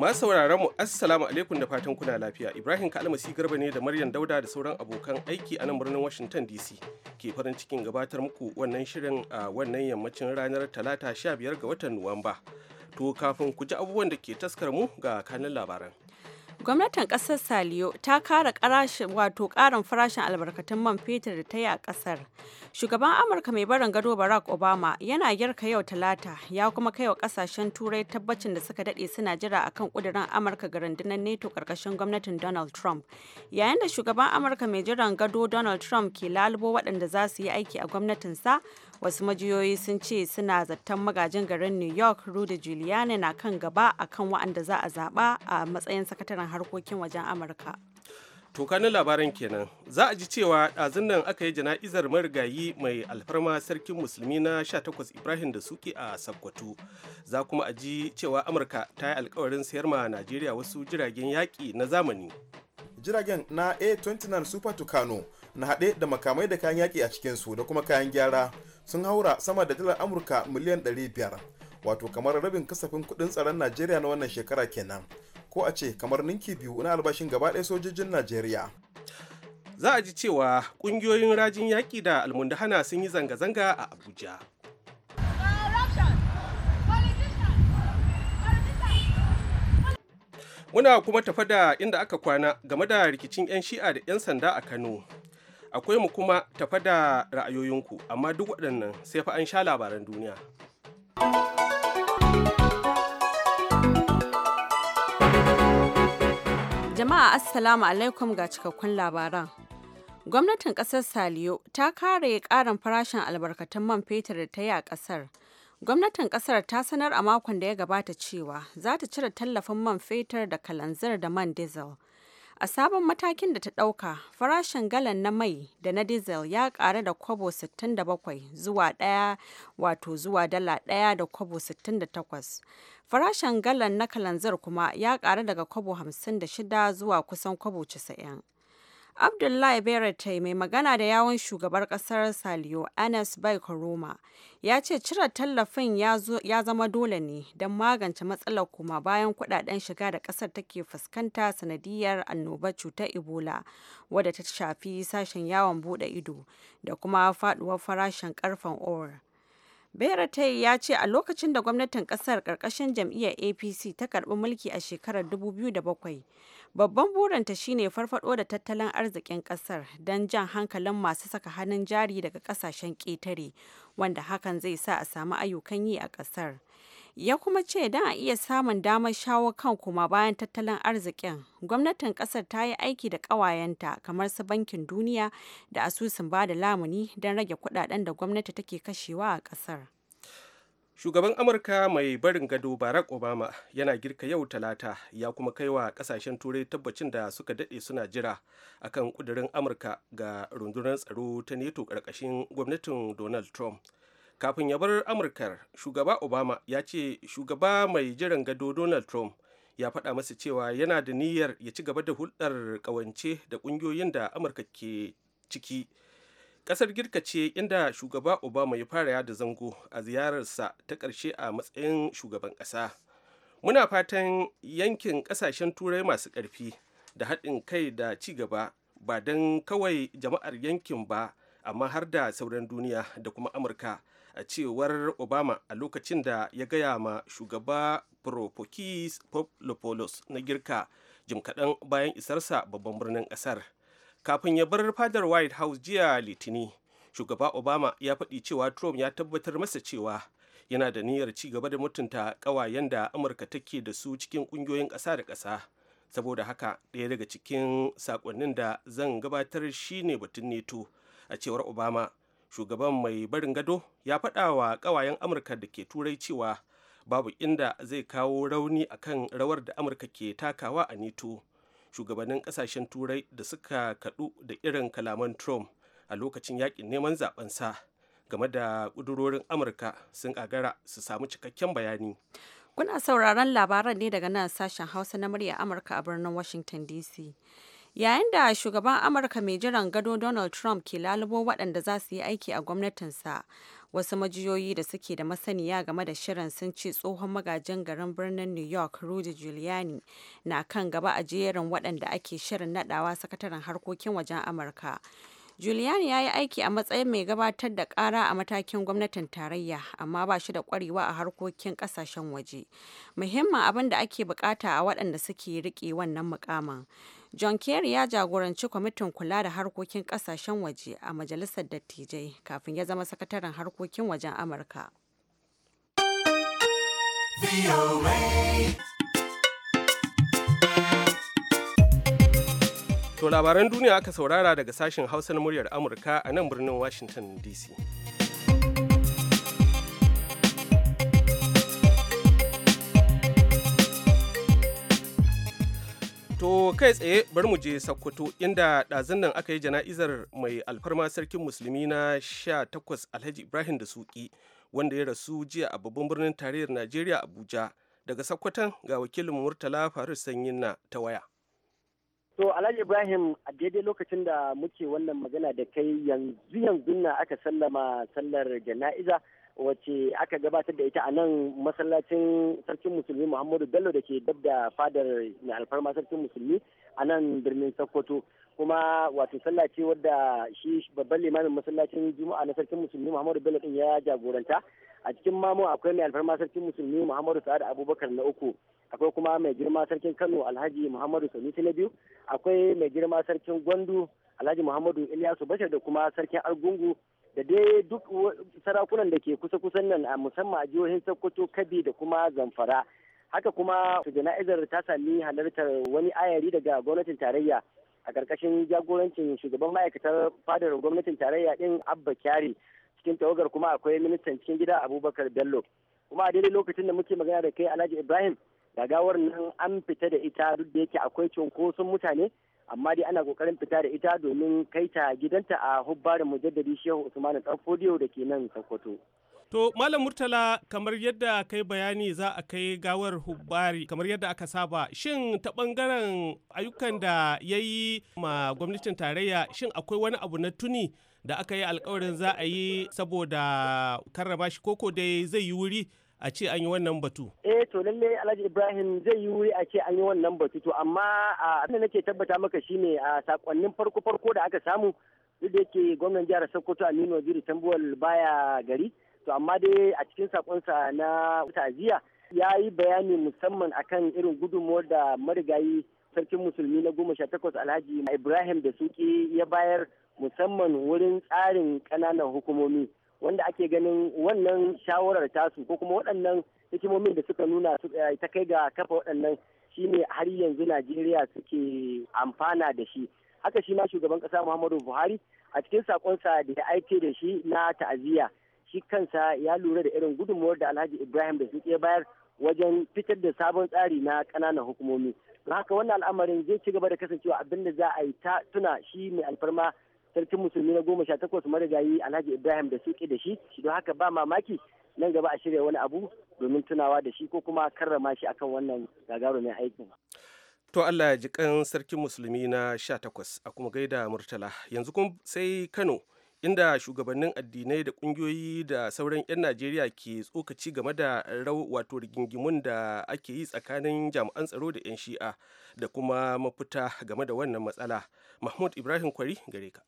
Masu sauraron mu assalamu alaikum da fatan kuna lafiya. Ibrahim Kalmasi Garba ne da Maryam Dauda da sauran abokan aiki a nan birnin Washington DC ke farin cikin gabatar muku wannan shirin a wannan yammacin ranar Talata 15 ga watan Nuwamba. To kafin ku ji abubuwan da ke taskar mu ga kanin labaran. Gwamnatin ƙasar Saliyo ta kara wato ƙarin farashin albarkatun man fetur da ta yi a ƙasar. Shugaban Amurka mai barin gado Barack Obama yana girka yau Talata ya kuma kai wa ƙasashen Turai tabbacin da suka dade suna jira akan kudirin Amurka ga rundunar NATO ƙarƙashin gwamnatin Donald Trump. Yayin da shugaban Amurka mai jiran gado Donald Trump ke lalubo waɗanda za su yi aiki a gwamnatinsa, wasu majiyoyi sun ce suna zaton magajin garin new york rudy giuliani na kan gaba akan waɗanda za a zaɓa a matsayin sakataren harkokin wajen amurka to labaran kenan za a ji cewa ɗazun nan aka yi jana'izar marigayi mai alfarma sarkin musulmi na 18 ibrahim da suke a sakkwato za kuma a ji cewa amurka ta yi alkawarin sayar ma najeriya wasu jiragen yaƙi na zamani jiragen na a29 super tucano na haɗe da makamai da kayan yaƙi a cikinsu da kuma kayan gyara sun haura sama da dalar amurka miliyan 500 wato kamar rabin kasafin kudin tsaron najeriya na wannan shekara kenan ko a ce kamar ninki biyu na albashin gaba ɗaya sojojin najeriya za a ji cewa ƙungiyoyin rajin yaƙi da almundahana sun yi zanga-zanga a abuja Muna kuma tafa da inda aka kwana game da rikicin 'yan shi'a da 'yan sanda a Kano. akwai mu kuma tafa da ra'ayoyinku amma duk waɗannan sai fa an sha labaran duniya jama'a assalamu alaikum ga cikakkun labaran gwamnatin ƙasar saliyo ta kare ƙarin farashin albarkatun man fetur da ta yi a ƙasar gwamnatin ƙasar ta sanar a makon da ya gabata cewa za ta cire tallafin man fetur da kalanzir da man diesel A sabon matakin da ta ɗauka, farashin galan na mai da na diesel ya ƙara da kwabo 67 zuwa daya wato zuwa dala ɗaya da kwabo 68. Farashin galan na kalanzir kuma ya ƙara daga kwabo 56 zuwa kusan kwabo 90. Abdullahi Berete mai magana da yawon shugabar kasar Saliyo Anas Bai Koroma ya ce cire tallafin ya zama dole ne don magance matsalar kuma bayan kudaden shiga da kasar take fuskanta sanadiyar annobar cutar Ebola wadda ta shafi sashen yawon bude ido da kuma faduwar farashin karfan ore. Beratai ya ce a lokacin da gwamnatin kasar karkashin jam'iyyar APC ta karbi mulki a shekarar 2007 Babban burinta shine farfado da tattalin arzikin kasar don jan hankalin masu saka hannun jari daga kasashen ƙetare, wanda hakan zai sa a samu ayyukan yi a kasar. Ya kuma ce don a iya samun damar shawo kan kuma bayan tattalin arzikin, gwamnatin kasar ta yi aiki da ƙawayenta kamar su Bankin Duniya da asusun bada lamuni don rage kudaden da gwamnati take kashewa a kasar. shugaban amurka mai barin gado barack obama yana girka yau talata ya kuma kaiwa kasashen turai tabbacin da suka dade suna jira akan kudirin amurka ga rundunar tsaro ta neto karkashin gwamnatin donald trump kafin ya bar amurkar shugaba obama ya ce shugaba mai jiran gado donald trump ya faɗa masa cewa yana da niyyar ya ci gaba da hulɗar ƙawance da ƙungiyoyin da amurka ke ciki kasar girka ce inda shugaba obama ya fara yada zango a ziyararsa ta ƙarshe a matsayin shugaban ƙasa muna fatan yankin ƙasashen turai masu ƙarfi da haɗin kai da ci gaba ba don kawai jama'ar yankin ba amma har da sauran duniya da kuma amurka a cewar obama a lokacin da ya gaya ma shugaba propokis poplopoulos na girka jim kaɗan bayan isarsa babban birnin ƙasar kafin ya bar fadar white house jiya litini shugaba obama ya faɗi cewa trump ya tabbatar masa cewa yana da niyyar ci gaba da mutunta ƙawayen da amurka take da su cikin ƙungiyoyin ƙasa da ƙasa saboda haka ɗaya daga cikin saƙonnin da zan gabatar shine batun neto a cewar obama shugaban mai barin gado ya faɗa wa ƙawayen amurka da ke turai cewa babu inda zai kawo rauni akan rawar da amurka ke takawa a neto shugabannin kasashen turai da suka kadu da irin kalaman trump a lokacin yakin neman sa game da kudurorin amurka sun agara su samu cikakken bayani kuna sauraron labaran ne daga nan sashen hausa na murya amurka a birnin washington dc yayin da shugaban amurka mai jiran gado donald trump ke lalubo waɗanda za su yi aiki a gwamnatinsa wasu majiyoyi da suke da masaniya game da shirin sun ce tsohon magajin garin birnin new york rudy giuliani na kan gaba a jerin waɗanda ake shirin nadawa sakataren harkokin wajen amurka Giuliani ya yi aiki a matsayin mai gabatar da ƙara a matakin gwamnatin tarayya amma ba shi da ƙwarewa a harkokin ƙasashen waje. Muhimmin abin da ake bukata a waɗanda suke riƙe wannan mukamin. John Kerry ya jagoranci kwamitin kula da harkokin kasashen waje a Majalisar Dattijai kafin ya zama sakataren harkokin wajen Amurka. To labaran duniya aka saurara daga sashen Hausa na muryar Amurka a nan birnin Washington DC. To kai tsaye bari mu je Sokoto inda ɗazun nan aka yi jana'izar mai alfarma sarkin musulmi na 18 Alhaji Ibrahim da Suki wanda ya rasu jiya a babban birnin tarayyar Najeriya Abuja. Daga Sokoton ga wakilin Murtala Faru Sanyin na ta waya. To Alhaji Ibrahim a daidai lokacin da muke wannan magana da kai yanzu yanzu na aka sallama sallar jana'iza wacce aka gabatar da ita a nan masallacin sarkin musulmi muhammadu bello da ke dab da fadar mai alfarma sarkin musulmi a nan birnin sokoto kuma wato sallah ce wadda shi babban limamin masallacin juma'a na sarkin musulmi muhammadu bello din ya jagoranta a cikin mamu akwai mai alfarma sarkin musulmi muhammadu sa'ad abubakar na uku akwai kuma mai girma sarkin kano alhaji muhammadu sanusi na biyu akwai mai girma sarkin gwandu alhaji muhammadu ilyasu bashar da kuma sarkin argungu da dai duk sarakunan da ke kusa-kusan nan a musamman a jihohin sokoto kabi da kuma zamfara haka kuma jana'izar ta sami halartar wani ayari daga gwamnatin tarayya a ƙarƙashin jagorancin shugaban ma'aikatar fadar gwamnatin tarayya din abba kyari cikin tawagar kuma akwai ministan cikin gida abubakar bello kuma a daidai lokacin da muke magana da kai alhaji ibrahim gagawar nan an fita da ita duk da yake akwai cunkoson mutane amma dai ana kokarin fita da ita domin kai ta gidanta a hubbarin mujaddadi shehu usman ɗanfodiyo da ke nan sokoto To Malam Murtala kamar yadda kai bayani za a kai gawar hubbari kamar yadda aka saba shin ta bangaren ayyukan da ya yi ma gwamnatin tarayya shin akwai wani abu na tuni da aka yi alkawarin za a yi saboda karraba shi koko dai zai yi wuri a ce an yi wannan batu? Eh to lalle Alhaji Ibrahim zai yi wuri a ce an yi wannan batu to amma abin da nake tabbata maka shine a sakonnin farko farko da aka samu duk da yake gwamnan jihar Sokoto Aminu Waziri Tambuwal baya gari to amma dai a cikin sakonsa na ta'aziyya ya yi bayani musamman akan irin gudunmuwar da marigayi sarkin musulmi na goma sha takwas alhaji ibrahim da suke ya bayar musamman wurin tsarin ƙananan hukumomi wanda ake ganin wannan shawarar tasu ko kuma waɗannan hikimomin da suka nuna eh, ta kai ga kafa waɗannan shine har yanzu najeriya suke amfana da shi haka shi ma shugaban ƙasa muhammadu buhari a cikin saƙonsa da ya aike da shi na ta'aziyya shi kansa ya lura da irin gudunmuwar da alhaji ibrahim da suke bayar wajen fitar da sabon tsari na ƙananan hukumomi don haka wannan al'amarin zai ci gaba da kasancewa abin da za a yi ta tuna shi mai alfarma sarkin musulmi na goma sha takwas marigayi alhaji ibrahim da suke da shi don haka ba mamaki nan gaba a shirya wani abu domin tunawa da shi ko kuma karrama shi akan wannan gagarumin aikin to allah ya ji sarkin musulmi na sha takwas a kuma gaida murtala yanzu kuma sai kano inda shugabannin addinai da kungiyoyi da sauran 'yan najeriya ke tsokaci game da wato rigingimun da ake yi tsakanin jami'an tsaro da 'yan shi'a da kuma mafita game da wannan matsala mahmud ibrahim kwari gare ka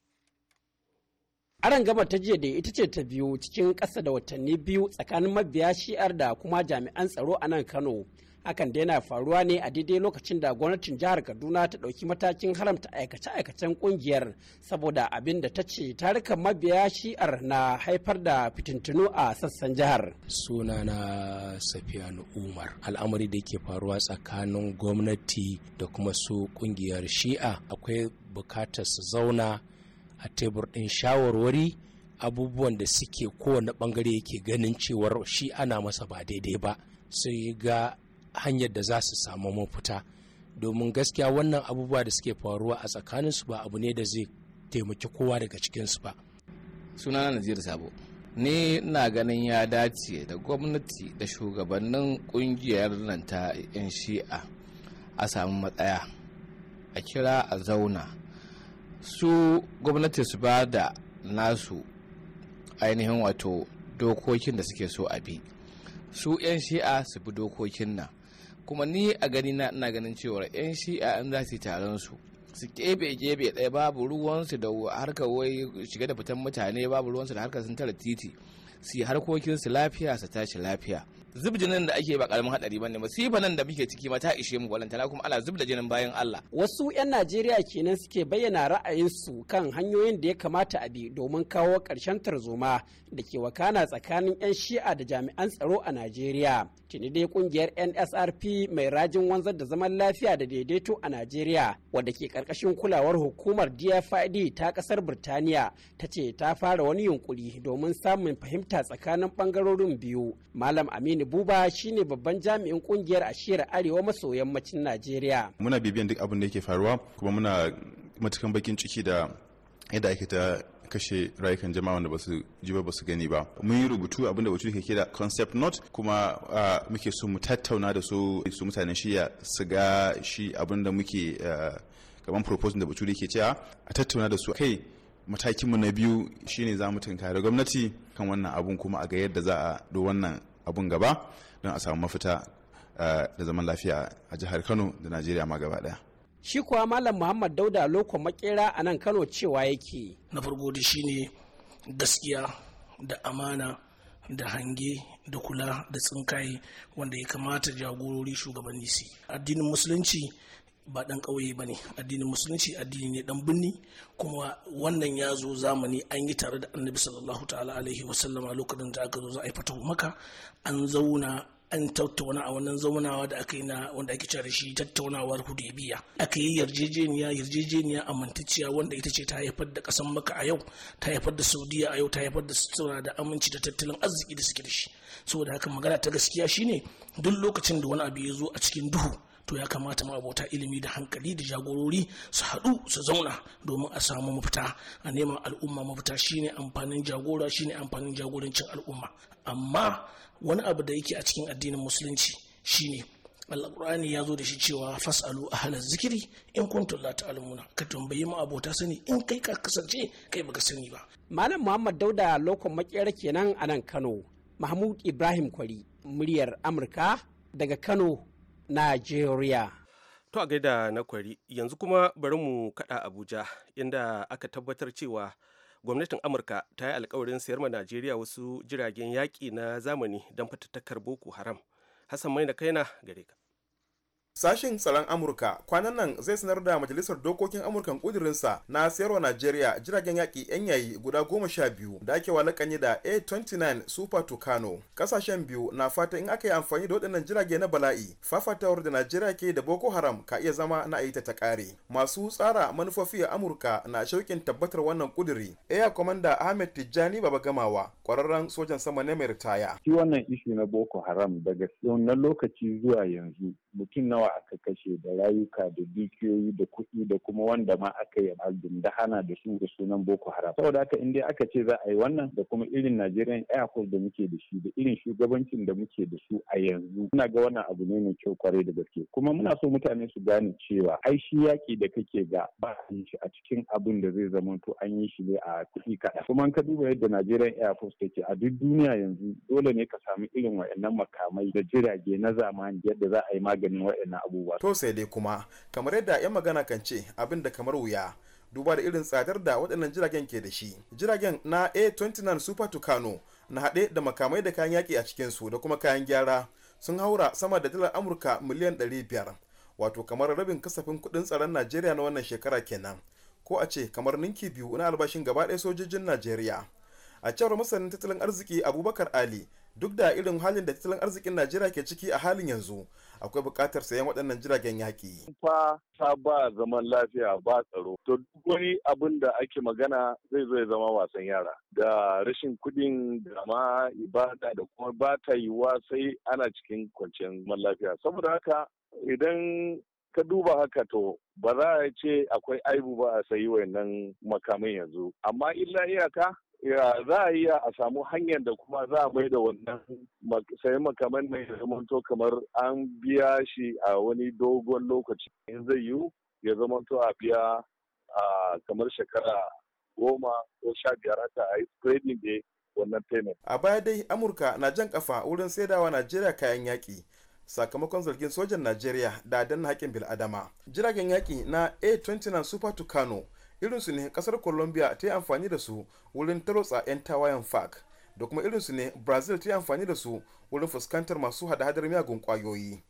aron gama ta jiya da ita ce ta biyu cikin ƙasa da watanni biyu tsakanin mabiya shi'ar da kuma jami'an tsaro a nan kano hakan da yana faruwa ne a daidai lokacin da gwamnatin jihar kaduna ta ɗauki matakin haramta aikace-aikacen ƙungiyar saboda abin da ta ce tarukan mabiya shi'ar na haifar da fitintunu a sassan jihar suna na safiyanu umar al'amari da ke faruwa tsakanin gwamnati da kuma su ƙungiyar shi'a akwai bukatar su zauna a tebur ɗin shawarwari abubuwan da suke kowane bangare yake ganin cewar shi ana masa ba daidai ba sai ga hanyar da za su samu mafita domin gaskiya wannan abubuwa da suke faruwa a tsakanin su ba abu ne da zai taimaki kowa daga cikin su ba suna sunana nazir sabo ni na ganin ya dace da gwamnati da shugabannin kungiyar nan ta 'yan shi'a a samu matsaya a kira a zauna su gwamnati su ba da nasu ainihin wato dokokin da suke so a bi su 'yan shi'a su bi dokokin nan kuma ni a gani na ina ganin cewa 'yan shi'a an za su taron su su kebe kebe ɗaya babu ruwansu da harkar wai shiga da fitan mutane babu ruwansu da harkar sun tara titi su yi harkokinsu lafiya su tashi lafiya zub jinin da ake ba karamin hadari bane masifa nan da muke ciki ma ta ishe mu walantana kuma ala zub da jinin bayan Allah wasu yan Najeriya kenan suke bayyana ra'ayinsu kan hanyoyin da ya kamata a bi domin kawo karshen tarzoma da ke wakana tsakanin yan Shi'a da jami'an tsaro a Najeriya tuni dai kungiyar nsrp mai rajin wanzar da zaman lafiya da daidaito a najeriya wadda ke karkashin kulawar hukumar dfid ta kasar birtaniya ta ce ta fara wani yunkuri domin samun fahimta tsakanin bangarorin biyu malam aminu buba shine babban jami'in kungiyar a shiyar arewa maso yammacin najeriya muna bibiyan duk abin da yake faruwa kuma muna matukan bakin ciki da yadda ake ta kashe rayukan jama'a wanda basu ji ba basu gani ba mun yi rubutu abinda batu ke kira concept note kuma muke so mu tattauna da su su shi ya su ga shi abinda muke kamar proposal da batu ke cewa a tattauna da su kai matakinmu na biyu shine za mu tunkari gwamnati kan wannan abun kuma a ga yadda za a do wannan abun gaba don a samu mafita da zaman lafiya a jihar kano da najeriya ma gaba daya shi kuwa malam muhammad dauda loko makera a nan kano cewa yake na farko da shi ne gaskiya da amana da hange da kula da tsinkaye wanda ya kamata jagorori shugabanni su addinin musulunci ba dan ƙauye ba ne addinin musulunci addini ne dan binni kuma wannan ya zo zamani an yi tare da annabi sallallahu ta'ala alaihi wasallama lokacin da aka zo za a yi fatahu maka an zauna an tattauna a wannan zaunawa da aka yi na wanda ake cewa da shi tattaunawar hudaybiya aka yi yarjejeniya yarjejeniya amintacciya wanda ita ce ta haifar da kasan maka a yau ta haifar da saudiya a yau ta haifar da sutura da aminci da tattalin arziki da suke da shi saboda haka magana ta gaskiya shine duk lokacin da wani abu ya zo a cikin duhu to ya kamata ma ma'abota ilimi da hankali da jagorori su haɗu su zauna domin a samu mafita a neman al'umma mafita shine amfanin jagora shine amfanin jagorancin al'umma amma wani abu da yake a cikin addinin musulunci shine alƙur'ani ya zo da shi cewa fasalu a halar zikiri in kuntum la ta'lamuna ka tambayi mu abota sani in kai ka kasance kai baka sani ba malam muhammad dauda lokon makera kenan a nan kano mahmud ibrahim kwari muryar amurka daga kano nigeria To a gaida na kwari yanzu kuma bari mu kada Abuja inda aka tabbatar cewa gwamnatin amurka ta yi alkawarin sayar ma najeriya wasu jiragen yaƙi na zamani don fatattakar boko haram hassan mai na kaina gare ka Sashen tsaron Amurka kwanan nan zai sanar da Majalisar Dokokin Amurkan kudirinsa na sayarwa Najeriya jiragen yaƙi 'yan yayi guda goma sha biyu da ake walakanye da A-29 Super Tucano. Kasashen biyu na fata in aka yi amfani da waɗannan jirage na bala'i fafatawar da Najeriya ke da Boko Haram ka iya zama na ayita ta ƙare. Masu tsara manufofi a Amurka na shauƙin tabbatar wannan kudiri. Air Commander Ahmed Tijjani Baba Gamawa ƙwararren sojan sama na mai ritaya. Shi wannan ishi na Boko Haram daga na lokaci zuwa yanzu mutum na nawa aka kashe da rayuka da dukiyoyi da kuɗi da kuma wanda ma aka yi da hana da su da sunan boko haram saboda haka in dai aka ce za a yi wannan da kuma irin najeriyan airport da muke da shi da irin shugabancin da muke da su a yanzu muna ga wannan abu ne mai kyau kwarai da gaske kuma muna so mutane su gane cewa ai shi yaƙi da kake ga ba a shi a cikin abin da zai zama to an yi shi ne a kuɗi kaɗan kuma ka duba yadda najeriyan airport take a duk duniya yanzu dole ne ka samu irin wa'annan makamai da jirage na zamani yadda za a yi maganin wa'annan waɗannan abubuwa. To sai dai kuma kamar yadda 'yan magana kan ce abin da kamar wuya duba da irin tsadar da waɗannan jiragen ke da shi. Jiragen na A29 Super Tucano na haɗe da makamai da kayan yaƙi a su da kuma kayan gyara sun haura sama da dalar Amurka miliyan 500 wato kamar rabin kasafin kuɗin tsaron Najeriya na wannan shekara kenan. Ko a ce kamar ninki biyu na albashin gaba ɗaya sojojin Najeriya. a cewar masanin tattalin arziki abubakar ali duk da irin halin da tattalin arzikin najeriya ke ciki a halin yanzu akwai buƙatar sayan waɗannan jiragen yaƙi. Fa ta ba zaman lafiya ba tsaro. To duk wani abin da ake magana zai zo ya zama wasan yara. Da rashin kuɗin da ma ibada da kuma ba ta yiwuwa sai ana cikin kwanciyar zaman lafiya. Saboda haka idan ka duba haka to ba za a ce akwai aibu ba a sayi wayannan makamai yanzu amma illa iyaka ya za a iya a samu hanyar da kuma za a mai da wannan sayan makaman mai zamanto kamar an biya shi a wani dogon lokaci in zai yiwu ya zamanto a biya kamar shekara goma ko sha biyar ta a trading day wannan payment. A baya dai Amurka na jan kafa wurin saidawa Najeriya kayan yaƙi. sakamakon zargin sojan Najeriya da danna haƙƙin bil'adama. Jiragen yaƙi na A-29 Super Tucano irinsu ne kasar colombia ta yi amfani da su wurin tarotsa 'yan tawayen fac da kuma irinsu ne brazil ta yi amfani da su wurin fuskantar masu hada-hadar miyagun kwayoyi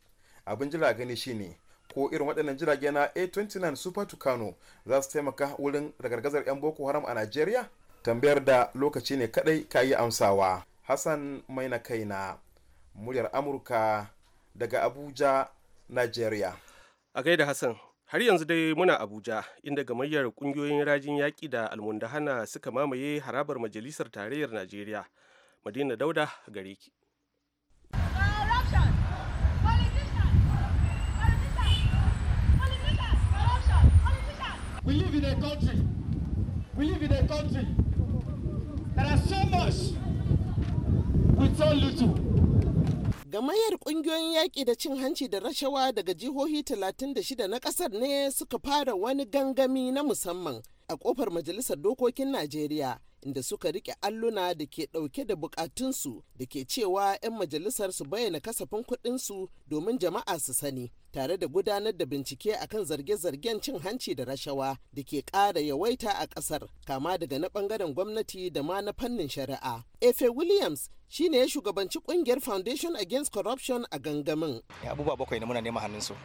abin jira gani shine ko irin waɗannan jirage na a29 super tucano za su taimaka wurin ragargazar 'yan boko haram a nigeria tambayar da lokaci ne kaɗai ka yi amsawa hassan mai na kai na. muryar amurka daga abuja nigeria a gaida hassan har yanzu dai muna abuja inda gamayyar kungiyoyin rajin yaƙi da almundahana suka mamaye harabar majalisar tarayyar najeriya madina dauda gare ki We live in a country. We live in a country. There are so much with so little. Gamayyar ƙungiyoyin yaƙi da cin hanci da rashawa daga jihohi 36 na ƙasar ne suka fara wani gangami na musamman a ƙofar Majalisar Dokokin Najeriya. inda suka rike alluna da ke dauke da bukatunsu da ke cewa 'yan majalisar su bayyana kasafin kuɗinsu domin jama'a su sani tare da gudanar da bincike akan zarge-zargen cin hanci da rashawa da ke ƙara yawaita a ƙasar kama daga na ɓangaren gwamnati da ma na fannin shari'a. Efe Williams shi ne ya shugabanci ƙungiyar Foundation Against Corruption a gangamin. Abubuwa bakwai na muna neman hannunsu.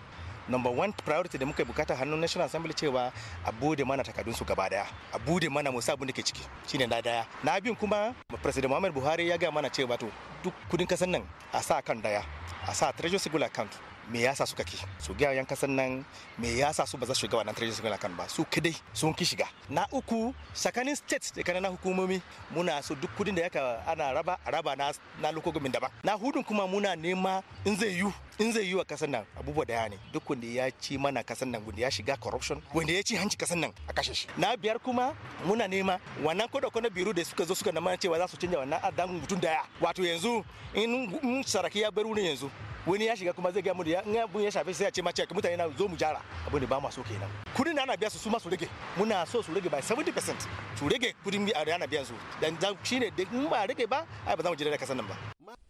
number one priority da muka bukata hannun national assembly cewa a bude mana takardun su gaba daya a bude mana musa abin da ke ciki shine na daya na biyun kuma president muhammad buhari ya ga mana cewa to duk kudin kasan nan a sa kan daya a sa treasury single account me yasa suka ki su ga yan kasan nan me yasa su ba za su shiga wannan traditional kan ba su kadai sun ki shiga na uku sakanin state da kana na hukumomi muna so duk kudin da yaka ana raba raba na na lokogumin daban na hudun kuma muna nema in zai yu, in zai yi wa kasan nan abubuwa daya ne duk wanda ya ci mana kasan nan wanda ya shiga corruption wanda ya ci hanci kasan nan a kashe shi na biyar kuma muna nema wannan kodo kodo biro da suka zo suka na mana cewa za su canja wannan adan mutum daya wato yanzu in saraki ya bar wurin yanzu wani ya shiga kuma zai ga mu da in abun ya shafe sai ya ce ma check mutane na zo mu jara abun da ba mu so kenan kudin da ana biya su su ma su rage muna so su rage by 70% su rage kudin bi a ana biya su dan shine in ba rage ba ai ba za mu ji da kasan nan ba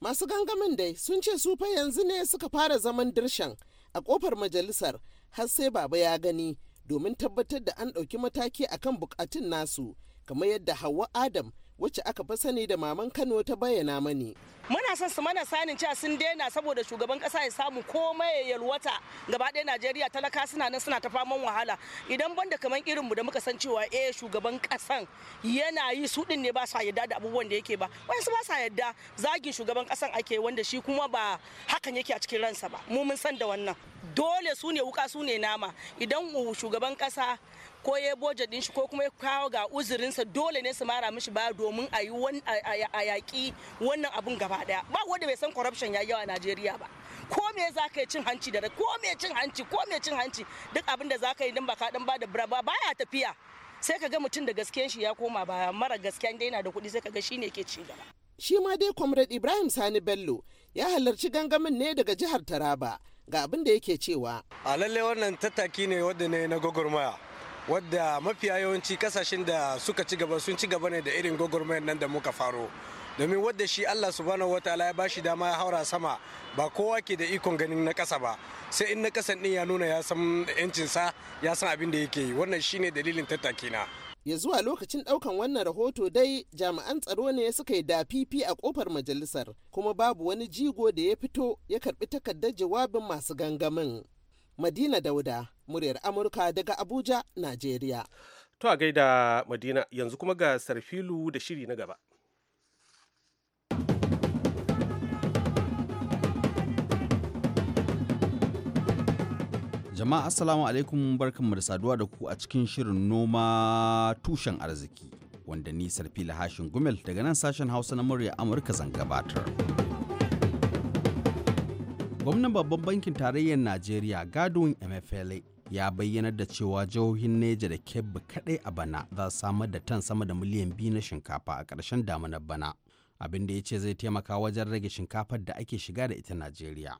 masu gangamin dai sun ce su fa yanzu ne suka fara zaman dirshan a kofar majalisar har sai baba ya gani domin tabbatar da an ɗauki mataki akan bukatun nasu kamar yadda hawa adam wacce aka fi sani da maman Kano ta bayyana mani. Muna son su mana sanin cewa sun daina saboda shugaban kasa ya samu komai ya yalwata gaba ɗaya Najeriya talaka suna nan suna ta faman wahala idan banda kamar irin mu da muka san cewa eh shugaban kasan yana yi su din ne ba sa yadda da abubuwan da yake ba su ba sa yadda zagin shugaban kasan ake wanda shi kuma ba hakan yake a cikin ransa ba mu mun san da wannan dole su ne wuka su ne nama idan shugaban kasa ko ya boje din shi ko kuma ya kawo ga uzurinsa dole ne su mara mishi ba domin a yi a yaƙi wannan abun gaba daya ba wanda bai san corruption ya yawa a Najeriya ba ko me za ka yi cin hanci da ko me cin hanci ko me cin hanci duk abin da za ka yi dan baka dan ba da braba baya tafiya sai ka ga mutum da gaskiyan shi ya koma baya mara dai yana da kuɗi sai ka ga shine ke ci gaba shi ma dai comrade Ibrahim Sani Bello ya halarci gangamin ne daga jihar Taraba ga abin da yake cewa a lalle wannan tattaki ne wanda ne na gwagwarmaya wadda mafiya yawanci kasashen da suka ci gaba sun ci gaba ne da irin gwagwarmayar nan da muka faro domin wadda shi Allah subhanahu wataala ya bashi dama ya haura sama ba kowa ke da ikon ganin na kasa ba sai in na kasan din ya nuna ya san sa ya san abin da yake yi wannan shine dalilin tattaki na ya zuwa lokacin daukan wannan rahoto dai jami'an tsaro ne suka yi dafifi a kofar majalisar kuma babu wani jigo da ya fito ya karbi takardar jawabin masu gangamin Madina Dauda, muryar Amurka daga Abuja, Najeriya. To a gaida Madina yanzu kuma ga Sarfilu da shiri na gaba. Jama'a Assalamu alaikum barkanmu da saduwa da ku a cikin shirin noma tushen arziki wanda ni sarfila Hashin Gumel daga nan sashen Hausa na murya Amurka zan gabatar. gwamnan babban bankin tarayyar najeriya gadon mfla ya bayyana da cewa jihohin neja da kebbi kadai a bana za su samar da tan sama da miliyan biyu na shinkafa a ƙarshen damunar bana abin da ya ce zai taimaka wajen rage shinkafar da ake shiga da ita najeriya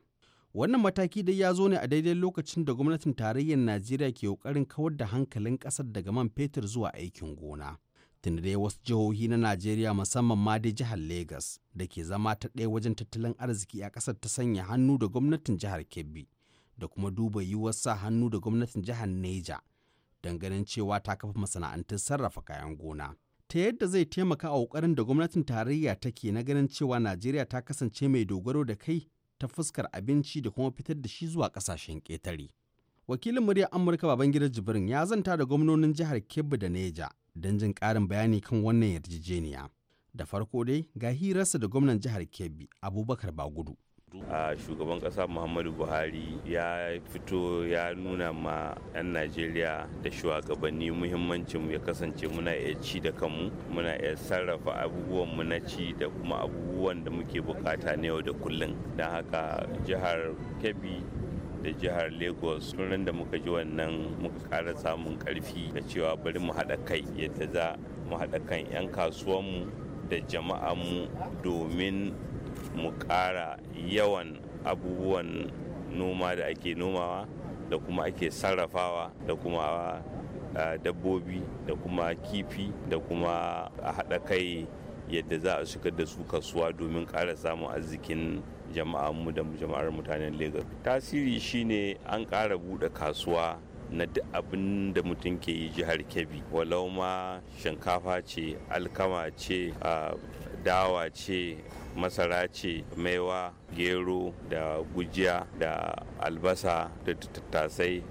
wannan mataki dai ya zo ne a daidai lokacin da gwamnatin tarayyar najeriya ke kokarin kawar da hankalin ƙasar daga man fetur zuwa aikin gona tunda dai wasu jihohi na najeriya musamman ma dai jihar legas da ke zama ta ɗaya wajen tattalin arziki a ƙasar ta sanya hannu da gwamnatin jihar kebbi da kuma duba yiwuwar sa hannu da gwamnatin jihar neja ganin cewa ta kafa masana'antun sarrafa kayan gona ta yadda zai taimaka a ƙoƙarin da gwamnatin tarayya take na ganin cewa najeriya ta kasance mai dogaro da kai ta fuskar abinci da kuma fitar da shi zuwa ƙasashen ƙetare wakilin muryar amurka babangida jibrin ya zanta da gwamnonin jihar kebbi da neja don jin ƙarin bayani kan wannan yarjejeniya. Da farko dai ga hirarsa da gwamnan jihar Kebbi Abubakar Bagudu. a shugaban ƙasa muhammadu buhari ya fito ya nuna ma 'yan najeriya da shugabanni muhimmancin ya kasance muna iya ci da kanmu muna iya sarrafa abubuwan mu na ci da kuma abubuwan da muke bukata na yau da kullum don haka jihar kebbi da jihar lagos tunan da muka ji wannan muka kara samun karfi da cewa bari mu haɗa kai yadda za mu haɗa kan 'yan kasuwanmu da jama'anmu domin mu kara yawan abubuwan noma da ake nomawa da kuma ake sarrafawa da kuma dabbobi da kuma kifi da kuma a haɗa kai yadda za a shigar da su kasuwa domin ƙara samun arzikin jama'a da jama'ar mutanen legas Tasiri shine an ƙara buɗe kasuwa na duk abin da mutum ke yi jihar Kebbi walau ma shinkafa ce alkama ce dawa ce masara ce maiwa gero da gujiya da albasa da tattasai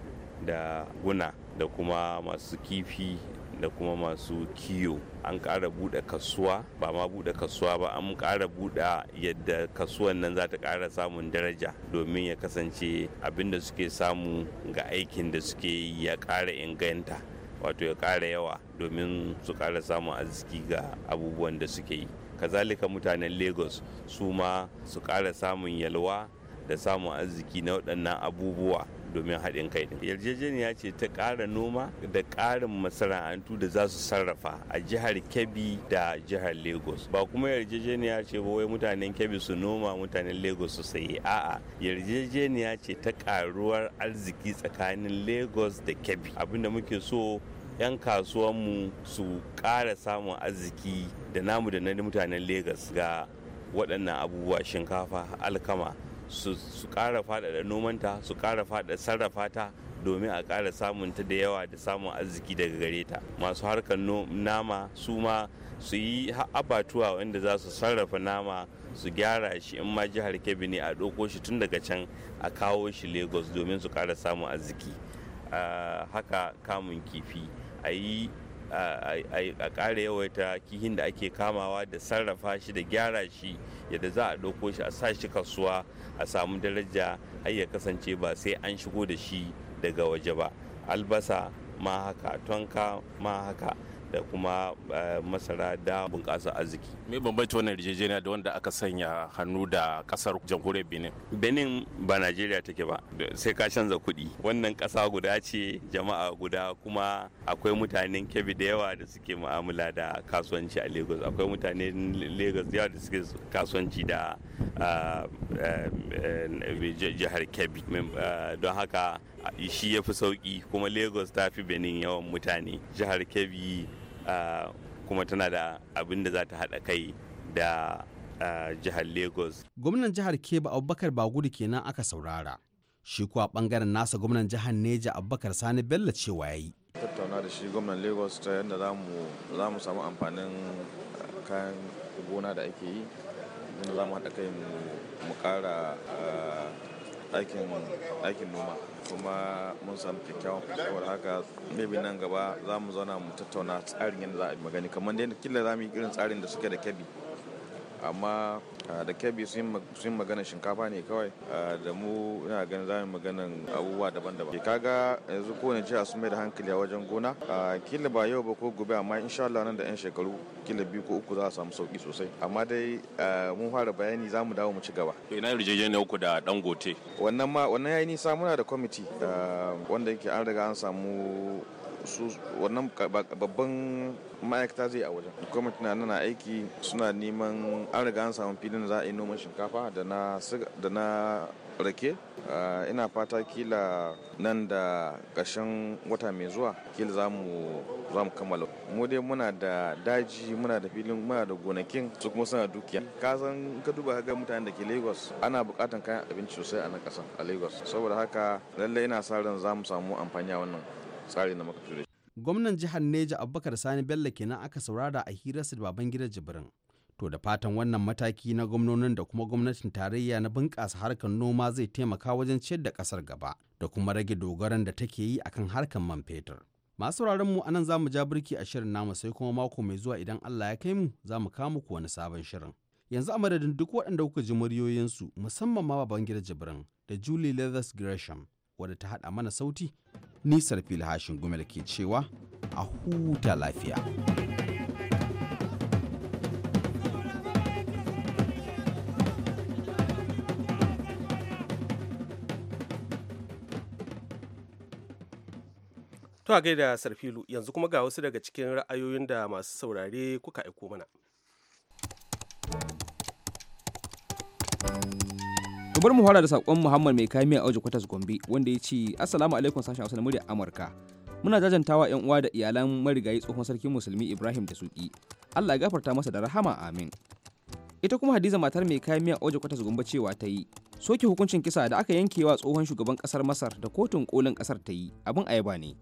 da guna da kuma masu kifi da kuma masu kiyo an ƙara buɗe kasuwa ba ma buɗe kasuwa ba an kara buɗe yadda kasuwan nan za ta ƙara samun daraja domin ya kasance abin da suke samu ga aikin da suke ya ƙara inganta wato ya ƙara yawa domin su ƙara samun arziki ga abubuwan da suke yi kazalika mutanen lagos su ma su ƙara samun yalwa da samun arziki na waɗannan abubuwa domin haɗin kai din yarjejeniya ce ta ƙara noma da ƙarin masana'antu da za su sarrafa a jihar kebbi da jihar lagos ba kuma yarjejeniya ce ba wai mutanen kebbi su noma mutanen lagos su sayi a'a yarjejeniya ce ta ƙaruwar arziki tsakanin lagos da kebbi da muke so 'yan kasuwanmu su ƙara samun arziki da namu da na mutanen lagos ga waɗannan abubuwa shinkafa alkama su fada da nomanta su kara faɗaɗa sarrafa ta domin a kara samun ta da yawa da samun arziki daga gare ta masu harkar nama su ma su yi abatuwa wanda za su sarrafa nama su gyara shi in ma jihar kebbi ne a ɗauko shi tun daga can a kawo shi lagos domin su kara samun arziki ah, haka kamun kifi a yi a ƙara yawaita kihin da ake kamawa da sarrafa shi da gyara shi yadda za a ɗauko shi a sa shi kasuwa a samu daraja har ya kasance ba sai an shigo da shi daga waje ba albasa ma haka tonka ma haka da kuma eh, masara da bunƙasa arziki. Me bambanci wannan yarjejeniya da wanda aka sanya hannu da ƙasar jamhuriyar Benin? Benin ba Najeriya take ba sai ka canza kuɗi. Wannan ƙasa guda ce jama'a guda kuma akwai mutanen kebi da yawa da suke mu'amala da kasuwanci a Lagos. Akwai mutanen Lagos yawa da suke kasuwanci da ah, eh, eh, jihar Kebbi. Don haka shi ya fi sauki kuma lagos ta fi benin yawan mutane jihar kebbi kuma tana da abin da za ta haɗa kai da jihar lagos gwamnan jihar kebbi abubakar bagudu kenan aka saurara shi kuwa bangaren nasa gwamnan jihar neja abubakar sani bello cewa ya yi tattauna da shi gwamnan lagos ta yadda za mu samu amfanin kayan gona da ake yi za mu haɗa kai mu ƙara aikin noma kuma mun samu kyakkyawan fasawar haka maybe nan gaba za mu zauna mu tattauna tsarin yadda za a yi magani kamar yadda kila za mu yi irin tsarin da suke da kebi amma da kebi sun magana shinkafa ne kawai da mu ina ganin za mu maganan abubuwa daban-daban kaga yanzu kowane jiha sun mai da hankali a wajen gona kila ba yau ba ko gobe amma insha Allah nan da yan shekaru kila biyu ko uku za a samu sauki sosai amma dai mun fara bayani za mu dawo mu ci gaba ina yarjejeniya uku da dangote wannan ma wannan yayi nisa muna da kwamiti wanda yake an riga an samu su wannan babban ma'aikata zai a wajen gwamnati na nan aiki suna neman an riga an samu filin da za a yi noman shinkafa da na rake ah, ina fata kila nan da ƙarshen wata mai zuwa kila za mu kammala mu dai muna da daji muna da filin muna da gonakin su kuma suna dukiya ka san ka duba ga mutanen da ke lagos ana buƙatan kayan abinci sosai a nan ƙasa a lagos saboda haka lallai ina sa ran za mu samu amfani a wannan tsari na maka gwamnan jihar neja abubakar sani bello kenan aka saurara a hirarsa da baban gidan jibrin to da fatan wannan mataki na gwamnonin da kuma gwamnatin tarayya na bunƙasa harkar noma zai taimaka wajen ciyar da ƙasar gaba da kuma rage dogaron da take yi akan harkar man fetur masu sauraron mu anan zamu ja birki a shirin namu sai kuma mako mai zuwa idan Allah ya kai mu za mu kawo muku wani sabon shirin yanzu a madadin duk waɗanda kuka ji muryoyinsu musamman ma Babangida jibrin da Julie Leathers Gresham wadda ta haɗa mana sauti nisar filhashin gumel ke cewa a huta lafiya. To a gaida Sarfilu yanzu kuma ga wasu daga cikin ra'ayoyin da masu saurare kuka aiko mana. ku bar mu fara da sakon Muhammad mai kayan miya waje Kwatas Gombe wanda ya ce Assalamu alaikum sashen Hausa na murya Amurka. Muna jajantawa yan uwa da iyalan marigayi tsohon sarkin musulmi Ibrahim da Suki. Allah ya gafarta masa da rahama amin. Ita kuma Hadiza matar mai kayan miya waje Kwatas Gombe cewa ta yi soke hukuncin kisa da aka yankewa tsohon shugaban kasar Masar da kotun kolin kasar ta yi abin ayaba ne.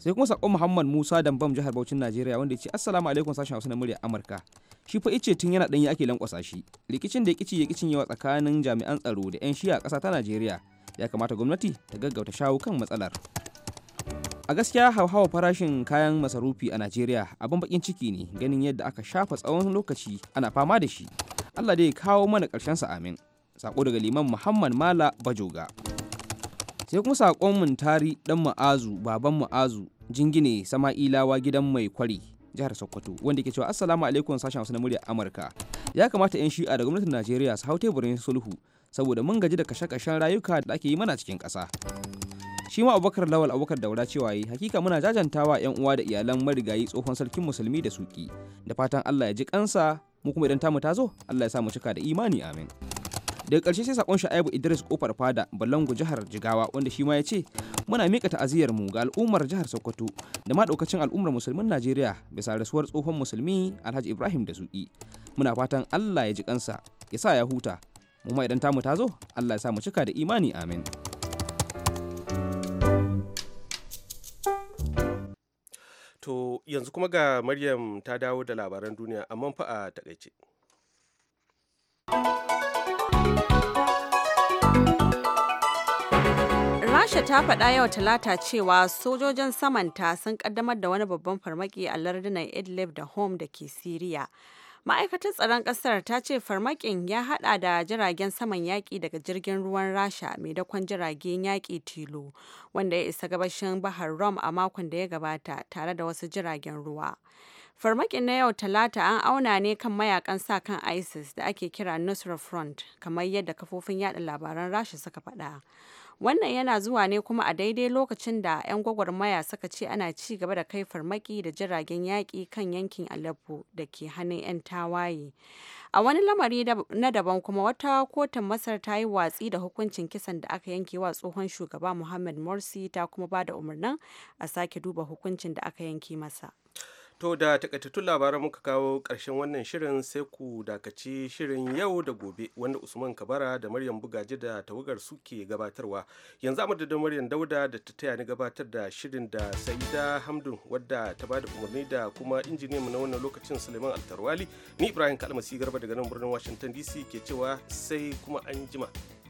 sai kuma sakon muhammad musa dambam jihar bauchin najeriya wanda ya ce assalamu alaikum sashen hausa na murya amurka shi fa ice tun yana danyi ake lankwasa shi rikicin da kici ya kicin yawa tsakanin jami'an tsaro da 'yan shiya ƙasa ta najeriya ya kamata gwamnati ta gaggauta shawo kan matsalar a gaskiya hauhawa farashin kayan masarufi a najeriya abin bakin ciki ne ganin yadda aka shafa tsawon lokaci ana fama da shi allah dai kawo mana ƙarshen sa amin sako daga liman muhammad mala bajoga sai kuma sakon tari dan ma'azu baban ma'azu jingine sama'ilawa gidan mai kwari jihar Sokoto wanda ke cewa assalamu alaikum sashen Hausa na murya Amurka ya kamata yan shi'a da gwamnatin Najeriya su hau teburin sulhu saboda mun gaji da kashe-kashen rayuka da ake yi mana cikin ƙasa shi ma Abubakar Lawal Abubakar Daura cewa yi hakika muna jajantawa yan uwa da iyalan marigayi tsohon sarkin musulmi da suki da fatan Allah ya ji kansa mu kuma idan tamu ta zo Allah ya sa mu cika da imani amin daga ƙarshe sai sakon sha'ibu idris kofar fada balangu jihar jigawa wanda shi ma ya ce muna miƙa ta'aziyar mu ga al'ummar jihar sokoto da ma ɗaukacin al'ummar musulmin najeriya bisa rasuwar tsohon musulmi alhaji ibrahim da zuƙi muna fatan allah ya ji kansa ya sa ya huta mu ma idan tamu ta zo allah ya sa mu cika da imani amin To yanzu kuma ga Maryam ta dawo da labaran duniya amma fa a takaice. Rasha ta faɗa yau Talata cewa sojojin samanta sun kaddamar da wani babban farmaki a lardunan Idlib da Home da ke Siriya. Ma'aikatar tsaron ƙasar ta ce farmakin ya haɗa da jiragen saman yaƙi daga jirgin ruwan Rasha mai dakon jiragen yaƙi tilo wanda ya isa gabashin Bahar Rom a makon da ya gabata tare da wasu jiragen ruwa. Farmakin na yau Talata an auna ne kan mayakan sa kan ISIS da ake kira Nusra Front kamar yadda kafofin yada labaran Rasha suka faɗa. Wannan yana zuwa ne kuma a daidai lokacin da 'yan gwagwarmaya suka ce ana ci gaba da kai farmaki da jiragen yaƙi kan yankin Aleppo da ke hannun 'yan tawaye. A wani lamari na daban kuma wata kotun Masar ta yi watsi da hukuncin kisan da aka yanke wa tsohon shugaba Muhammad Morsi ta kuma ba da umarnin a sake duba hukuncin da aka yanke masa. To da takaitattun labaran muka kawo karshen wannan shirin sai ku dakaci shirin yau da gobe wanda Usman Kabara da Maryam Bugaji da tawagar suke gabatarwa. Yanzu amma da Maryam Dauda da ta taya ni gabatar da shirin da Sa'ida Hamdun wadda ta bada umarni da kuma injiniyan mu na wannan lokacin Suleiman Altarwali. Ni Ibrahim Kalmasi Garba daga nan birnin Washington DC ke cewa sai kuma an jima.